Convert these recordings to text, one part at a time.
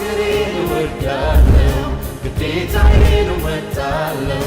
ሀገሬን እወዳለሁ ግዴታዬን እወጣለሁ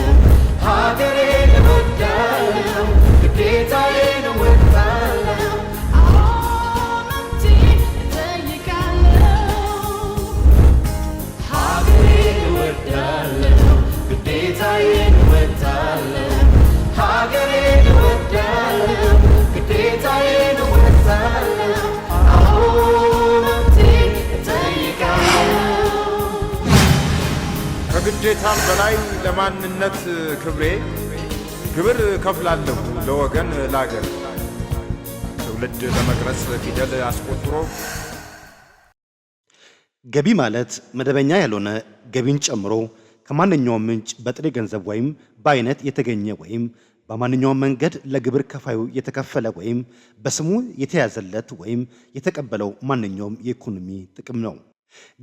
ከሁኔታም በላይ ለማንነት ክብሬ ግብር ከፍላለሁ ለወገን ላገር ትውልድ ለመቅረጽ ፊደል አስቆጥሮ ገቢ ማለት መደበኛ ያልሆነ ገቢን ጨምሮ ከማንኛውም ምንጭ በጥሬ ገንዘብ ወይም በአይነት የተገኘ ወይም በማንኛውም መንገድ ለግብር ከፋዩ የተከፈለ ወይም በስሙ የተያዘለት ወይም የተቀበለው ማንኛውም የኢኮኖሚ ጥቅም ነው።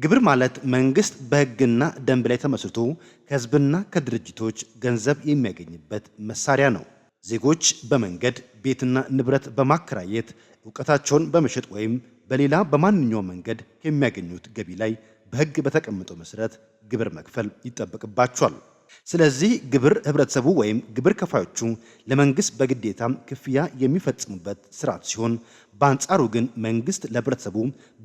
ግብር ማለት መንግስት በህግና ደንብ ላይ ተመስርቶ ከህዝብና ከድርጅቶች ገንዘብ የሚያገኝበት መሳሪያ ነው። ዜጎች በመንገድ ቤትና ንብረት በማከራየት እውቀታቸውን በመሸጥ ወይም በሌላ በማንኛውም መንገድ ከሚያገኙት ገቢ ላይ በህግ በተቀመጠው መሰረት ግብር መክፈል ይጠበቅባቸዋል። ስለዚህ ግብር ህብረተሰቡ ወይም ግብር ከፋዮቹ ለመንግስት በግዴታ ክፍያ የሚፈጽሙበት ስርዓት ሲሆን በአንጻሩ ግን መንግስት ለህብረተሰቡ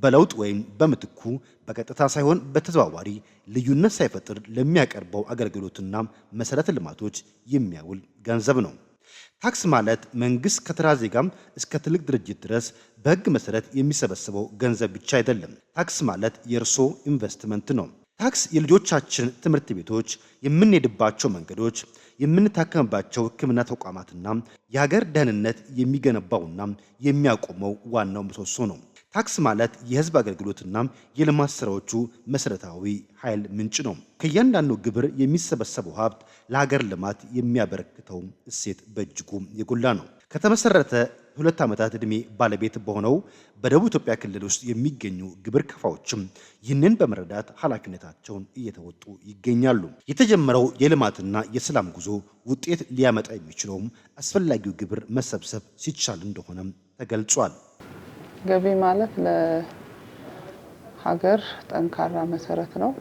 በለውጥ ወይም በምትኩ በቀጥታ ሳይሆን በተዘዋዋሪ ልዩነት ሳይፈጥር ለሚያቀርበው አገልግሎትና መሰረተ ልማቶች የሚያውል ገንዘብ ነው። ታክስ ማለት መንግስት ከተራ ዜጋም እስከ ትልቅ ድርጅት ድረስ በህግ መሰረት የሚሰበስበው ገንዘብ ብቻ አይደለም። ታክስ ማለት የእርሶ ኢንቨስትመንት ነው። ታክስ የልጆቻችን ትምህርት ቤቶች፣ የምንሄድባቸው መንገዶች፣ የምንታከምባቸው ሕክምና ተቋማትና የሀገር ደህንነት የሚገነባውና የሚያቆመው ዋናው ምሰሶ ነው። ታክስ ማለት የህዝብ አገልግሎትና የልማት ስራዎቹ መሰረታዊ ኃይል ምንጭ ነው። ከእያንዳንዱ ግብር የሚሰበሰበው ሀብት ለሀገር ልማት የሚያበረክተው እሴት በእጅጉ የጎላ ነው። ከተመሰረተ ሁለት ዓመታት ዕድሜ ባለቤት በሆነው በደቡብ ኢትዮጵያ ክልል ውስጥ የሚገኙ ግብር ከፋዎችም ይህንን በመረዳት ኃላፊነታቸውን እየተወጡ ይገኛሉ። የተጀመረው የልማትና የሰላም ጉዞ ውጤት ሊያመጣ የሚችለውም አስፈላጊው ግብር መሰብሰብ ሲቻል እንደሆነም ተገልጿል። ገቢ ማለት ለሀገር ጠንካራ መሰረት ነው።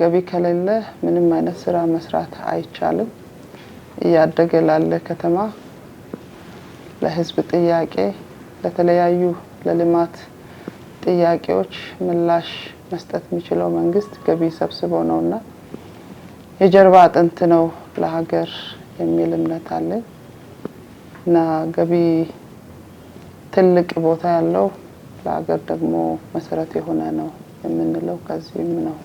ገቢ ከሌለ ምንም አይነት ስራ መስራት አይቻልም። እያደገ ላለ ከተማ ለህዝብ ጥያቄ ለተለያዩ ለልማት ጥያቄዎች ምላሽ መስጠት የሚችለው መንግስት ገቢ ሰብስቦ ነው እና የጀርባ አጥንት ነው ለሀገር የሚል እምነት አለኝ እና ገቢ ትልቅ ቦታ ያለው ለሀገር ደግሞ መሰረት የሆነ ነው የምንለው ከዚህም ነው።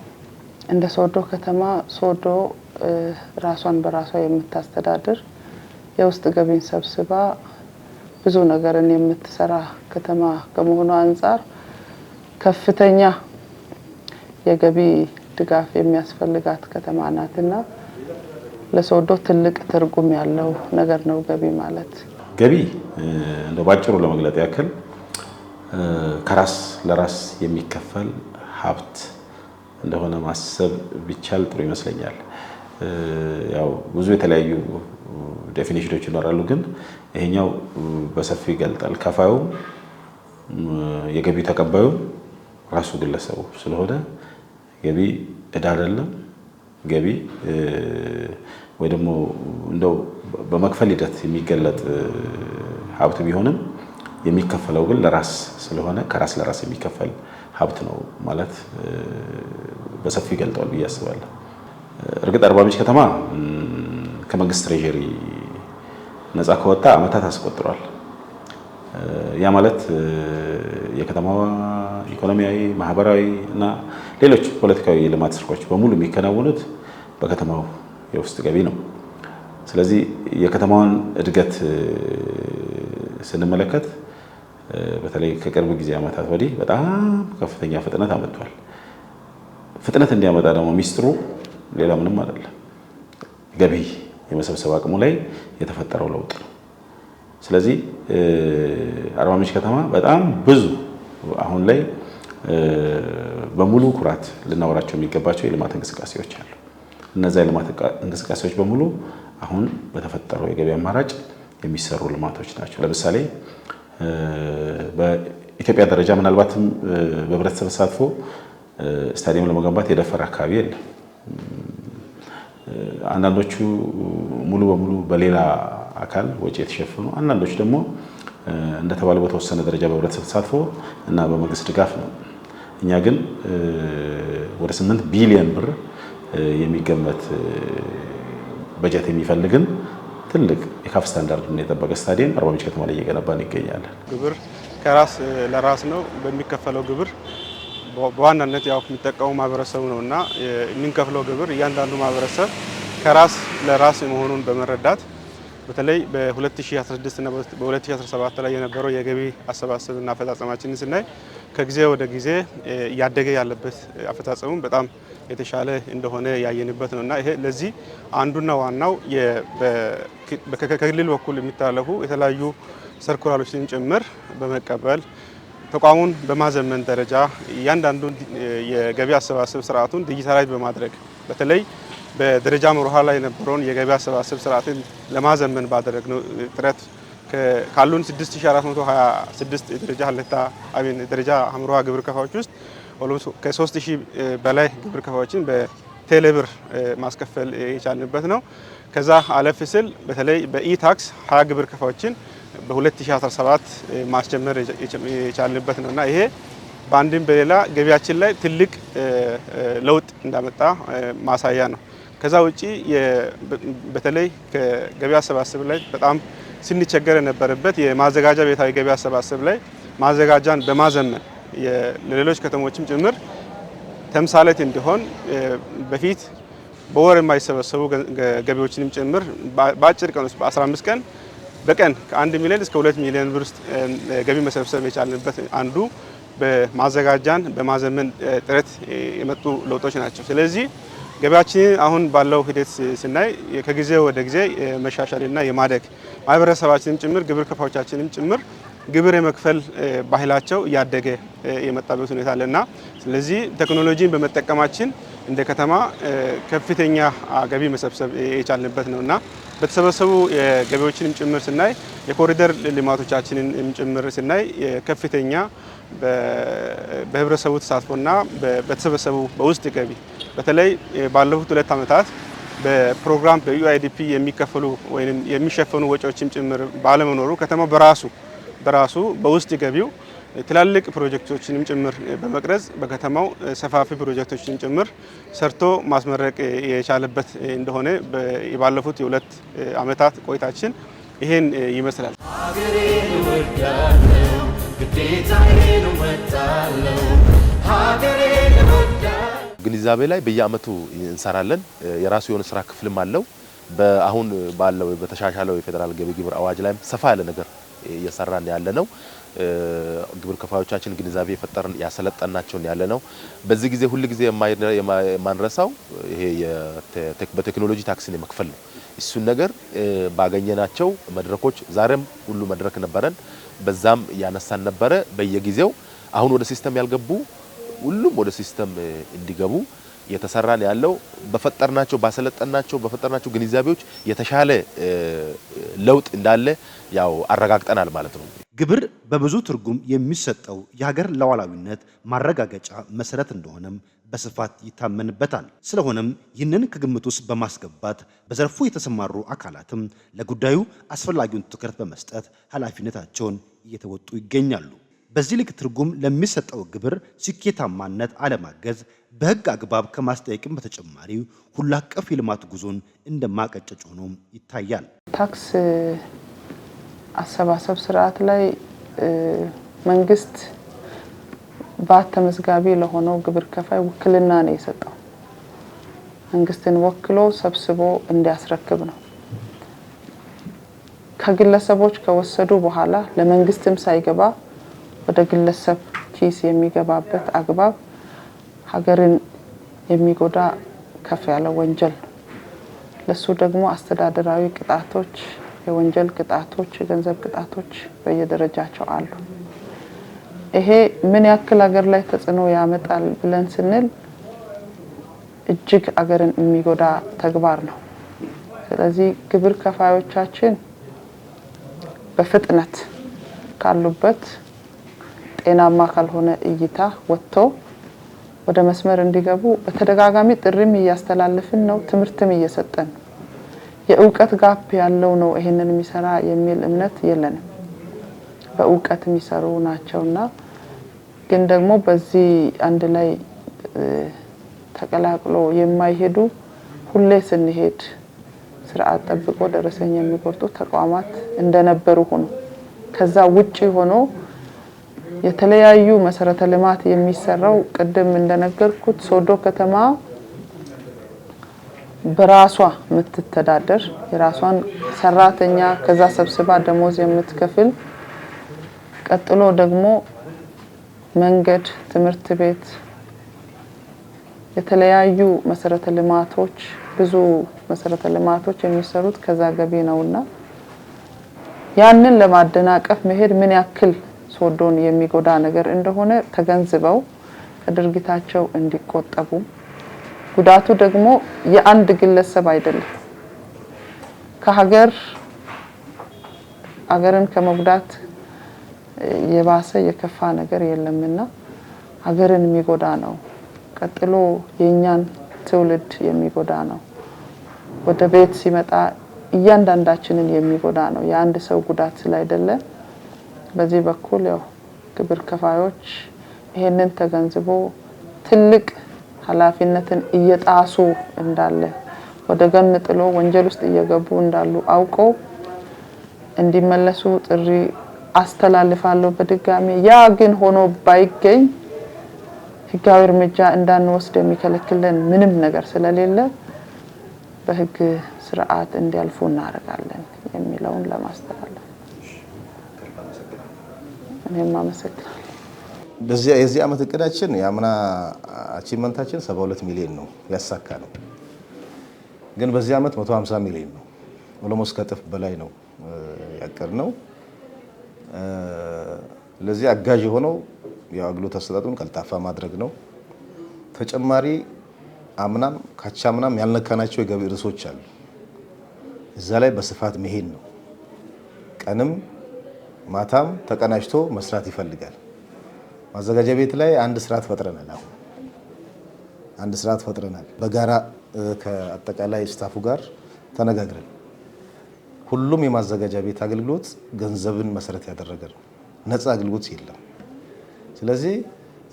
እንደ ሶዶ ከተማ ሶዶ ራሷን በራሷ የምታስተዳድር የውስጥ ገቢን ሰብስባ ብዙ ነገርን የምትሰራ ከተማ ከመሆኑ አንጻር ከፍተኛ የገቢ ድጋፍ የሚያስፈልጋት ከተማ ናትና ለሶዶ ትልቅ ትርጉም ያለው ነገር ነው። ገቢ ማለት ገቢ እንደ ባጭሩ ለመግለጥ ያክል ከራስ ለራስ የሚከፈል ሀብት እንደሆነ ማሰብ ቢቻል ጥሩ ይመስለኛል። ያው ብዙ የተለያዩ ዴፊኒሽኖች ይኖራሉ፣ ግን ይሄኛው በሰፊው ይገልጣል። ከፋዩም የገቢ ተቀባዩም ራሱ ግለሰቡ ስለሆነ ገቢ እዳ አይደለም። ገቢ ወይ ደግሞ እንደው በመክፈል ሂደት የሚገለጥ ሀብት ቢሆንም የሚከፈለው ግን ለራስ ስለሆነ ከራስ ለራስ የሚከፈል ሀብት ነው ማለት በሰፊው ይገልጠዋል ብዬ አስባለሁ። እርግጥ አርባ ምንጭ ከተማ ከመንግስት ትሬዠሪ ነፃ ከወጣ ዓመታት አስቆጥሯል። ያ ማለት የከተማዋ ኢኮኖሚያዊ፣ ማህበራዊ እና ሌሎች ፖለቲካዊ የልማት ስራዎች በሙሉ የሚከናወኑት በከተማው የውስጥ ገቢ ነው። ስለዚህ የከተማዋን እድገት ስንመለከት በተለይ ከቅርብ ጊዜ ዓመታት ወዲህ በጣም ከፍተኛ ፍጥነት አመጥቷል። ፍጥነት እንዲያመጣ ደግሞ ሚስጥሩ ሌላ ምንም አይደለም ገቢ የመሰብሰብ አቅሙ ላይ የተፈጠረው ለውጥ ነው። ስለዚህ አርባ ምንጭ ከተማ በጣም ብዙ አሁን ላይ በሙሉ ኩራት ልናወራቸው የሚገባቸው የልማት እንቅስቃሴዎች አሉ። እነዚያ የልማት እንቅስቃሴዎች በሙሉ አሁን በተፈጠረው የገበያ አማራጭ የሚሰሩ ልማቶች ናቸው። ለምሳሌ በኢትዮጵያ ደረጃ ምናልባትም በህብረተሰብ ተሳትፎ ስታዲየም ለመገንባት የደፈረ አካባቢ የለም። አንዳንዶቹ ሙሉ በሙሉ በሌላ አካል ወጪ የተሸፈኑ፣ አንዳንዶቹ ደግሞ እንደተባለው በተወሰነ ደረጃ በህብረተሰብ ተሳትፎ እና በመንግስት ድጋፍ ነው። እኛ ግን ወደ ስምንት ቢሊዮን ብር የሚገመት በጀት የሚፈልግን ትልቅ የካፍ ስታንዳርድ የጠበቀ ስታዲየም አርባ ምንጭ ከተማ ላይ እየገነባን ይገኛለን። ግብር ከራስ ለራስ ነው በሚከፈለው ግብር በዋናነት ያው የሚጠቀሙ ማህበረሰቡ ነው እና የምንከፍለው ግብር እያንዳንዱ ማህበረሰብ ከራስ ለራስ መሆኑን በመረዳት በተለይ በ2016 እና በ2017 ላይ የነበረው የገቢ አሰባሰብና አፈጻጸማችን ስናይ ከጊዜ ወደ ጊዜ እያደገ ያለበት አፈጻጸሙ በጣም የተሻለ እንደሆነ ያየንበት ነው እና ይሄ ለዚህ አንዱና ዋናው ከክልል በኩል የሚታለፉ የተለያዩ ሰርኩላሎችን ጭምር በመቀበል ተቋሙን በማዘመን ደረጃ እያንዳንዱን የገቢ አሰባሰብ ስርዓቱን ዲጂታላይዝ በማድረግ በተለይ በደረጃ መርሃ ላይ የነበረውን የገቢ አሰባሰብ ስርዓትን ለማዘመን ባደረግነው ጥረት ካሉን 6426 የደረጃ ሀለታ አሚን የደረጃ አምሮሃ ግብር ከፋዎች ውስጥ ከ3000 በላይ ግብር ከፋዎችን በቴሌብር ማስከፈል የቻልንበት ነው። ከዛ አለፍ ስል በተለይ በኢታክስ 20 ግብር ከፋዎችን በ2017 ማስጀመር የቻልንበት ነው እና ይሄ በአንድም በሌላ ገቢያችን ላይ ትልቅ ለውጥ እንዳመጣ ማሳያ ነው። ከዛ ውጪ በተለይ ከገቢ አሰባሰብ ላይ በጣም ስንቸገር የነበረበት የማዘጋጃ ቤታዊ ገቢ አሰባሰብ ላይ ማዘጋጃን በማዘመን ለሌሎች ከተሞችም ጭምር ተምሳሌት እንዲሆን በፊት በወር የማይሰበሰቡ ገቢዎችንም ጭምር በአጭር ቀን ውስጥ በ15 ቀን በቀን ከአንድ ሚሊዮን እስከ ሁለት ሚሊዮን ብር ውስጥ ገቢ መሰብሰብ የቻልንበት አንዱ በማዘጋጃን በማዘመን ጥረት የመጡ ለውጦች ናቸው። ስለዚህ ገቢያችንን አሁን ባለው ሂደት ስናይ ከጊዜ ወደ ጊዜ የመሻሻልና የማደግ ማህበረሰባችንም ጭምር ግብር ከፋዎቻችንም ጭምር ግብር የመክፈል ባህላቸው እያደገ የመጣበት ሁኔታ አለና ስለዚህ ቴክኖሎጂን በመጠቀማችን እንደ ከተማ ከፍተኛ ገቢ መሰብሰብ የቻልንበት ነውና በተሰበሰቡ የገቢዎችንም ጭምር ስናይ የኮሪደር ልማቶቻችንን ጭምር ስናይ ከፍተኛ በህብረተሰቡ ተሳትፎና በተሰበሰቡ በውስጥ ገቢ በተለይ ባለፉት ሁለት ዓመታት በፕሮግራም በዩአይዲፒ የሚከፈሉ ወይም የሚሸፈኑ ወጪዎችም ጭምር ባለመኖሩ ከተማ በራሱ በራሱ በውስጥ ገቢው ትላልቅ ፕሮጀክቶችንም ጭምር በመቅረጽ በከተማው ሰፋፊ ፕሮጀክቶችን ጭምር ሰርቶ ማስመረቅ የቻለበት እንደሆነ ባለፉት የሁለት ዓመታት ቆይታችን ይሄን ይመስላል። ግንዛቤ ላይ በየዓመቱ እንሰራለን። የራሱ የሆነ ስራ ክፍልም አለው። በአሁን ባለው በተሻሻለው የፌዴራል ገቢ ግብር አዋጅ ላይም ሰፋ ያለ ነገር እየሰራን ያለ ነው። ግብር ከፋዮቻችን ግንዛቤ የፈጠርን ያሰለጠናቸውን ያለ ነው። በዚህ ጊዜ ሁል ጊዜ የማንረሳው ይሄ በቴክኖሎጂ ታክስን የመክፈል ነው። እሱን ነገር ባገኘናቸው መድረኮች ዛሬም ሁሉ መድረክ ነበረን፣ በዛም ያነሳን ነበረ በየጊዜው አሁን ወደ ሲስተም ያልገቡ ሁሉም ወደ ሲስተም እንዲገቡ የተሰራን ያለው በፈጠርናቸው ባሰለጠናቸው በፈጠርናቸው ግንዛቤዎች የተሻለ ለውጥ እንዳለ ያው አረጋግጠናል ማለት ነው። ግብር በብዙ ትርጉም የሚሰጠው የሀገር ለዋላዊነት ማረጋገጫ መሰረት እንደሆነም በስፋት ይታመንበታል። ስለሆነም ይህንን ከግምት ውስጥ በማስገባት በዘርፉ የተሰማሩ አካላትም ለጉዳዩ አስፈላጊውን ትኩረት በመስጠት ኃላፊነታቸውን እየተወጡ ይገኛሉ። በዚህ ልክ ትርጉም ለሚሰጠው ግብር ስኬታማነት አለማገዝ በሕግ አግባብ ከማስጠየቅም በተጨማሪ ሁላቀፍ የልማት ጉዞን እንደማቀጨጭ ሆኖ ይታያል። ታክስ አሰባሰብ ስርዓት ላይ መንግስት ባት ተመዝጋቢ ለሆነው ግብር ከፋይ ውክልና ነው የሰጠው። መንግስትን ወክሎ ሰብስቦ እንዲያስረክብ ነው። ከግለሰቦች ከወሰዱ በኋላ ለመንግስትም ሳይገባ ወደ ግለሰብ ኪስ የሚገባበት አግባብ ሀገርን የሚጎዳ ከፍ ያለ ወንጀል ነው። ለሱ ደግሞ አስተዳደራዊ ቅጣቶች የወንጀል ቅጣቶች፣ የገንዘብ ቅጣቶች በየደረጃቸው አሉ። ይሄ ምን ያክል ሀገር ላይ ተጽዕኖ ያመጣል ብለን ስንል እጅግ አገርን የሚጎዳ ተግባር ነው። ስለዚህ ግብር ከፋዮቻችን በፍጥነት ካሉበት ጤናማ ካልሆነ እይታ ወጥቶ ወደ መስመር እንዲገቡ በተደጋጋሚ ጥሪም እያስተላለፍን ነው። ትምህርትም እየሰጠን ነው። የእውቀት ጋፕ ያለው ነው ይሄንን የሚሰራ የሚል እምነት የለንም። በእውቀት የሚሰሩ ናቸውና ግን ደግሞ በዚህ አንድ ላይ ተቀላቅሎ የማይሄዱ ሁሌ ስንሄድ ስርዓት ጠብቆ ደረሰኝ የሚቆርጡ ተቋማት እንደነበሩ ሆኖ ከዛ ውጪ ሆኖ የተለያዩ መሰረተ ልማት የሚሰራው ቅድም እንደነገርኩት ሶዶ ከተማ በራሷ የምትተዳደር የራሷን ሰራተኛ ከዛ ሰብስባ ደሞዝ የምትከፍል ቀጥሎ ደግሞ መንገድ፣ ትምህርት ቤት፣ የተለያዩ መሰረተ ልማቶች ብዙ መሰረተ ልማቶች የሚሰሩት ከዛ ገቢ ነውና ያንን ለማደናቀፍ መሄድ ምን ያክል ሶዶን የሚጎዳ ነገር እንደሆነ ተገንዝበው ከድርጊታቸው እንዲቆጠቡ ጉዳቱ ደግሞ የአንድ ግለሰብ አይደለም። ከሀገር ሀገርን ከመጉዳት የባሰ የከፋ ነገር የለምና ሀገርን የሚጎዳ ነው። ቀጥሎ የእኛን ትውልድ የሚጎዳ ነው። ወደ ቤት ሲመጣ እያንዳንዳችንን የሚጎዳ ነው። የአንድ ሰው ጉዳት ስላይደለ በዚህ በኩል ያው ግብር ከፋዮች ይሄንን ተገንዝቦ ትልቅ ኃላፊነትን እየጣሱ እንዳለ ወደ ገን ጥሎ ወንጀል ውስጥ እየገቡ እንዳሉ አውቀው እንዲመለሱ ጥሪ አስተላልፋለሁ። በድጋሚ ያ ግን ሆኖ ባይገኝ ህጋዊ እርምጃ እንዳንወስድ የሚከለክለን ምንም ነገር ስለሌለ በህግ ስርዓት እንዲያልፉ እናደርጋለን የሚለውን ለማስተላለፍ እኔም አመሰግናለሁ። የዚህ ዓመት እቅዳችን የአምና አቺቭመንታችን 72 ሚሊዮን ነው ያሳካ ነው። ግን በዚህ ዓመት 150 ሚሊዮን ነው። ኦሎሞስ ከጥፍ በላይ ነው ያቀድ ነው። ለዚህ አጋዥ የሆነው የአገልግሎት አሰጣጡን ቀልጣፋ ማድረግ ነው። ተጨማሪ አምናም አምናም ያልነካናቸው የገቢ ርዕሶች አሉ። እዛ ላይ በስፋት መሄድ ነው። ቀንም ማታም ተቀናጅቶ መስራት ይፈልጋል። ማዘጋጃ ቤት ላይ አንድ ስርዓት ፈጥረናል። አሁን አንድ ስርዓት ፈጥረናል። በጋራ ከአጠቃላይ ስታፉ ጋር ተነጋግረን ሁሉም የማዘጋጃ ቤት አገልግሎት ገንዘብን መሰረት ያደረገ ነው። ነፃ አገልግሎት የለም። ስለዚህ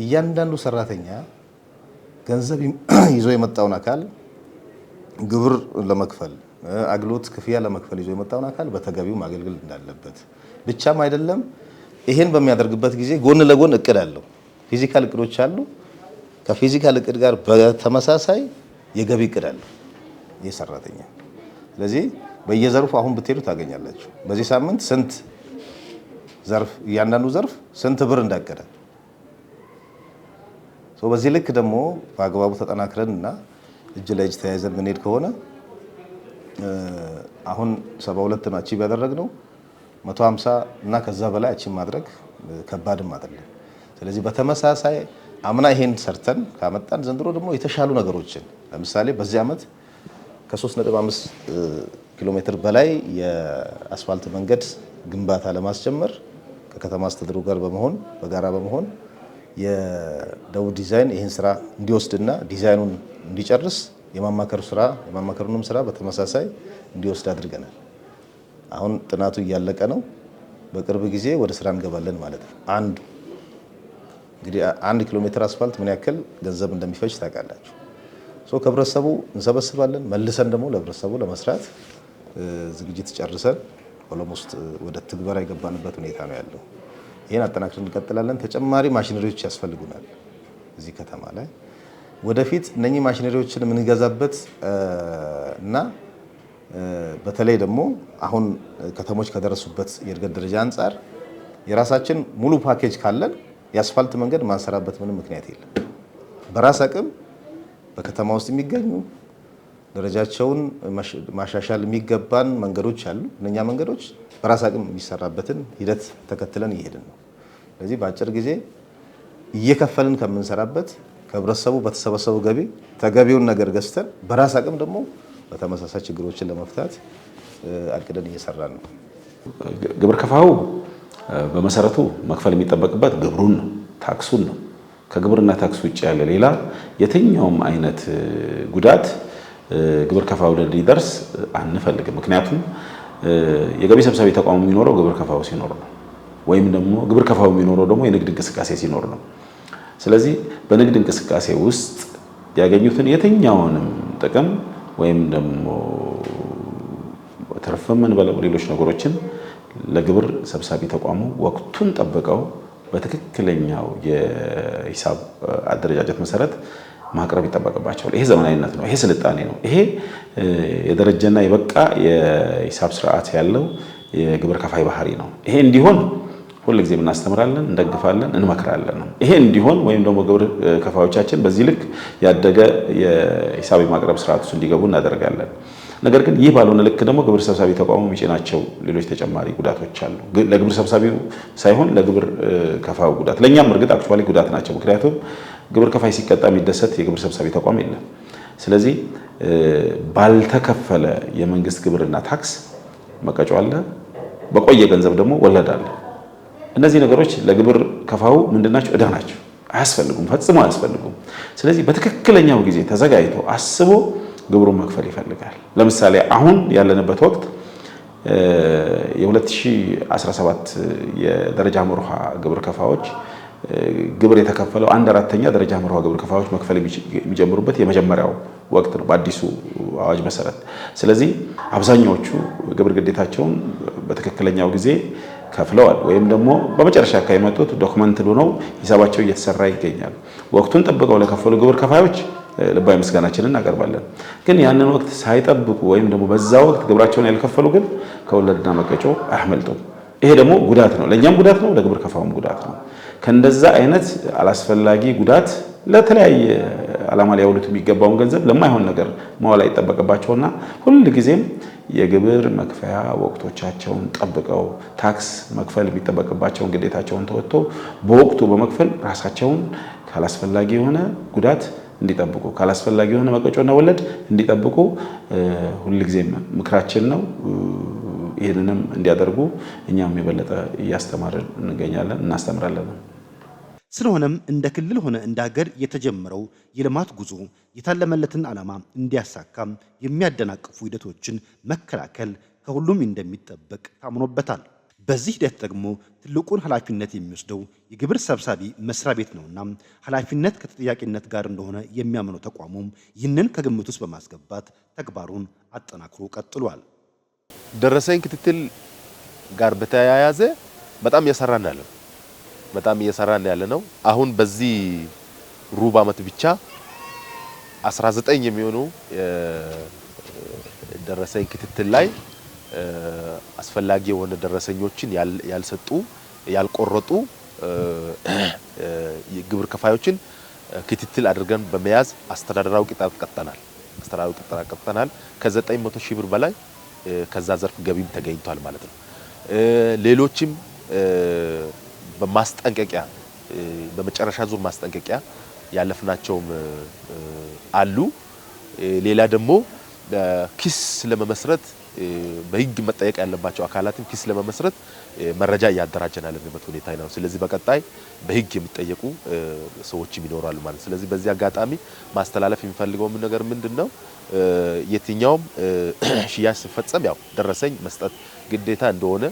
እያንዳንዱ ሰራተኛ ገንዘብ ይዞ የመጣውን አካል ግብር ለመክፈል አገልግሎት ክፍያ ለመክፈል ይዞ የመጣውን አካል በተገቢው ማገልገል እንዳለበት ብቻም አይደለም ይሄን በሚያደርግበት ጊዜ ጎን ለጎን እቅድ አለው። ፊዚካል እቅዶች አሉ። ከፊዚካል እቅድ ጋር በተመሳሳይ የገቢ እቅድ አለው ይህ ሰራተኛ። ስለዚህ በየዘርፉ አሁን ብትሄዱ ታገኛላችሁ። በዚህ ሳምንት ስንት ዘርፍ እያንዳንዱ ዘርፍ ስንት ብር እንዳቀደ በዚህ ልክ ደግሞ በአግባቡ ተጠናክረን እና እጅ ለእጅ ተያይዘን ምንሄድ ከሆነ አሁን ሰባ ሁለት ነው አቺቭ ያደረግነው 150 እና ከዛ በላይ አቺን ማድረግ ከባድም አይደለም። ስለዚህ በተመሳሳይ አምና ይሄን ሰርተን ካመጣን ዘንድሮ ደግሞ የተሻሉ ነገሮችን ለምሳሌ በዚህ ዓመት ከ3.5 ኪሎ ሜትር በላይ የአስፋልት መንገድ ግንባታ ለማስጀመር ከከተማ አስተዳደሩ ጋር በመሆን በጋራ በመሆን የደቡብ ዲዛይን ይህን ስራ እንዲወስድና ዲዛይኑን እንዲጨርስ የማማከሩ ስራ የማማከሩንም ስራ በተመሳሳይ እንዲወስድ አድርገናል። አሁን ጥናቱ እያለቀ ነው። በቅርብ ጊዜ ወደ ስራ እንገባለን ማለት ነው። አንዱ እንግዲህ አንድ ኪሎ ሜትር አስፋልት ምን ያክል ገንዘብ እንደሚፈጅ ታውቃላችሁ። ከህብረተሰቡ እንሰበስባለን መልሰን ደግሞ ለህብረተሰቡ ለመስራት ዝግጅት ጨርሰን ኦሎሞስት ወደ ትግበራ የገባንበት ሁኔታ ነው ያለው። ይህን አጠናክረን እንቀጥላለን። ተጨማሪ ማሽነሪዎች ያስፈልጉናል እዚህ ከተማ ላይ ወደፊት እነኚህ ማሽነሪዎችን የምንገዛበት እና በተለይ ደግሞ አሁን ከተሞች ከደረሱበት የእድገት ደረጃ አንጻር የራሳችን ሙሉ ፓኬጅ ካለን የአስፋልት መንገድ ማንሰራበት ምንም ምክንያት የለም። በራስ አቅም በከተማ ውስጥ የሚገኙ ደረጃቸውን ማሻሻል የሚገባን መንገዶች አሉ። እነኛ መንገዶች በራስ አቅም የሚሰራበትን ሂደት ተከትለን እየሄድን ነው። ስለዚህ በአጭር ጊዜ እየከፈልን ከምንሰራበት ከህብረተሰቡ በተሰበሰበው ገቢ ተገቢውን ነገር ገዝተን በራስ አቅም ደግሞ በተመሳሳይ ችግሮችን ለመፍታት አቅደን እየሰራን ነው። ግብር ከፋው በመሰረቱ መክፈል የሚጠበቅበት ግብሩን ነው፣ ታክሱን ነው። ከግብርና ታክስ ውጭ ያለ ሌላ የትኛውም አይነት ጉዳት ግብር ከፋዩ ሊደርስ አንፈልግም። ምክንያቱም የገቢ ሰብሳቢ ተቋሙ የሚኖረው ግብር ከፋው ሲኖር ነው፣ ወይም ደግሞ ግብር ከፋው የሚኖረው ደግሞ የንግድ እንቅስቃሴ ሲኖር ነው። ስለዚህ በንግድ እንቅስቃሴ ውስጥ ያገኙትን የትኛውንም ጥቅም ወይም ደግሞ ትርፍ የምንበለው ሌሎች ነገሮችን ለግብር ሰብሳቢ ተቋሙ ወቅቱን ጠብቀው በትክክለኛው የሂሳብ አደረጃጀት መሰረት ማቅረብ ይጠበቅባቸዋል። ይሄ ዘመናዊነት ነው። ይሄ ስልጣኔ ነው። ይሄ የደረጀና የበቃ የሂሳብ ስርዓት ያለው የግብር ከፋይ ባህሪ ነው። ይሄ እንዲሆን ጊዜ እናስተምራለን፣ እንደግፋለን፣ እንመክራለን ነው። ይሄ እንዲሆን ወይም ደግሞ ግብር ከፋዮቻችን በዚህ ልክ ያደገ የሂሳብ የማቅረብ ስርዓት እንዲገቡ እናደርጋለን። ነገር ግን ይህ ባልሆነ ልክ ደግሞ ግብር ሰብሳቢ ተቋሙ የሚጭናቸው ሌሎች ተጨማሪ ጉዳቶች አሉ። ለግብር ሰብሳቢው ሳይሆን ለግብር ከፋ ጉዳት፣ ለእኛም እርግጥ አክቹዋሊ ጉዳት ናቸው። ምክንያቱም ግብር ከፋይ ሲቀጣ የሚደሰት የግብር ሰብሳቢ ተቋም የለም። ስለዚህ ባልተከፈለ የመንግስት ግብርና ታክስ መቀጮ አለ፣ በቆየ ገንዘብ ደግሞ ወለድ አለ። እነዚህ ነገሮች ለግብር ከፋው ምንድናቸው? እዳ ናቸው። አያስፈልጉም፣ ፈጽሞ አያስፈልጉም። ስለዚህ በትክክለኛው ጊዜ ተዘጋጅቶ አስቦ ግብሩን መክፈል ይፈልጋል። ለምሳሌ አሁን ያለንበት ወቅት የ2017 የደረጃ መርሃ ግብር ከፋዎች ግብር የተከፈለው አንድ አራተኛ ደረጃ መርሃ ግብር ከፋዎች መክፈል የሚጀምሩበት የመጀመሪያው ወቅት ነው በአዲሱ አዋጅ መሰረት። ስለዚህ አብዛኛዎቹ ግብር ግዴታቸውን በትክክለኛው ጊዜ ከፍለዋል ወይም ደግሞ በመጨረሻ ከመጡት ዶክመንት ሆነው ሂሳባቸው እየተሰራ ይገኛል። ወቅቱን ጠብቀው ለከፈሉ ግብር ከፋዮች ልባዊ ምስጋናችንን እናቀርባለን። ግን ያንን ወቅት ሳይጠብቁ ወይም ደግሞ በዛ ወቅት ግብራቸውን ያልከፈሉ ግን ከወለድና መቀጮ አያመልጡም። ይሄ ደግሞ ጉዳት ነው፣ ለእኛም ጉዳት ነው፣ ለግብር ከፋውም ጉዳት ነው። ከእንደዛ አይነት አላስፈላጊ ጉዳት ለተለያየ ዓላማ ሊያውሉት የሚገባውን ገንዘብ ለማይሆን ነገር መዋል አይጠበቅባቸውና ጊዜም። የግብር መክፈያ ወቅቶቻቸውን ጠብቀው ታክስ መክፈል የሚጠበቅባቸውን ግዴታቸውን ተወጥቶ በወቅቱ በመክፈል ራሳቸውን ካላስፈላጊ የሆነ ጉዳት እንዲጠብቁ ካላስፈላጊ የሆነ መቀጮና ወለድ እንዲጠብቁ ሁልጊዜም ምክራችን ነው። ይህንንም እንዲያደርጉ እኛም የበለጠ እያስተማርን እንገኛለን፣ እናስተምራለን። ስለሆነም እንደ ክልል ሆነ እንደ ሀገር የተጀመረው የልማት ጉዞ የታለመለትን ዓላማ እንዲያሳካም የሚያደናቅፉ ሂደቶችን መከላከል ከሁሉም እንደሚጠበቅ ታምኖበታል። በዚህ ሂደት ደግሞ ትልቁን ኃላፊነት የሚወስደው የግብር ሰብሳቢ መስሪያ ቤት ነውና ኃላፊነት ከተጠያቂነት ጋር እንደሆነ የሚያምነው ተቋሙም ይህንን ከግምት ውስጥ በማስገባት ተግባሩን አጠናክሮ ቀጥሏል። ደረሰኝ ክትትል ጋር በተያያዘ በጣም እየሰራ እንዳለው በጣም እየሰራን ያለ ነው። አሁን በዚህ ሩብ ዓመት ብቻ 19 የሚሆኑ ደረሰኝ ክትትል ላይ አስፈላጊ የሆነ ደረሰኞችን ያልሰጡ ያልቆረጡ ግብር ከፋዮችን ክትትል አድርገን በመያዝ አስተዳደራዊ ቅጣት ቀጠናል። አስተዳደራዊ ቅጣት ቀጠናል። ከ900 ሺህ ብር በላይ ከዛ ዘርፍ ገቢም ተገኝቷል ማለት ነው። ሌሎችም በማስጠንቀቂያ በመጨረሻ ዙር ማስጠንቀቂያ ያለፍናቸውም አሉ። ሌላ ደግሞ ኪስ ለመመስረት በህግ መጠየቅ ያለባቸው አካላትም ኪስ ለመመስረት መረጃ እያደራጀን ያለንበት ሁኔታ ነው። ስለዚህ በቀጣይ በህግ የሚጠየቁ ሰዎችም ይኖራሉ ማለት ስለዚህ በዚህ አጋጣሚ ማስተላለፍ የሚፈልገው ነገር ምንድን ነው? የትኛውም ሽያጭ ሲፈጸም ያው ደረሰኝ መስጠት ግዴታ እንደሆነ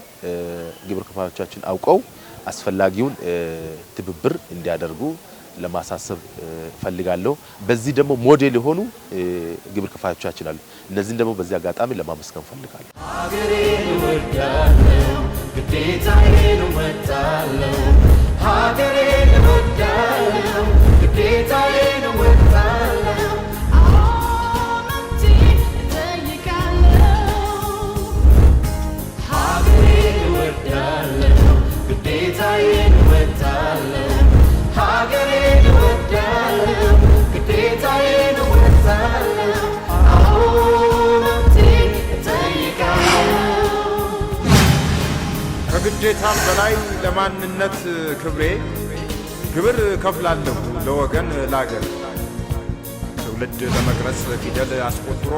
ግብር ከፋዮቻችን አውቀው አስፈላጊውን ትብብር እንዲያደርጉ ለማሳሰብ እፈልጋለሁ። በዚህ ደግሞ ሞዴል የሆኑ ግብር ከፋዮቻችን አሉ። እነዚህን ደግሞ በዚህ አጋጣሚ ለማመስገን እፈልጋለሁ። ሀገሬን እወዳለሁ፣ ግዴታዬን እወጣለሁ። በላይ ለማንነት ክብሬ ግብር ከፍላለሁ ለወገን ላገር ትውልድ ለመቅረጽ ፊደል አስቆጥሮ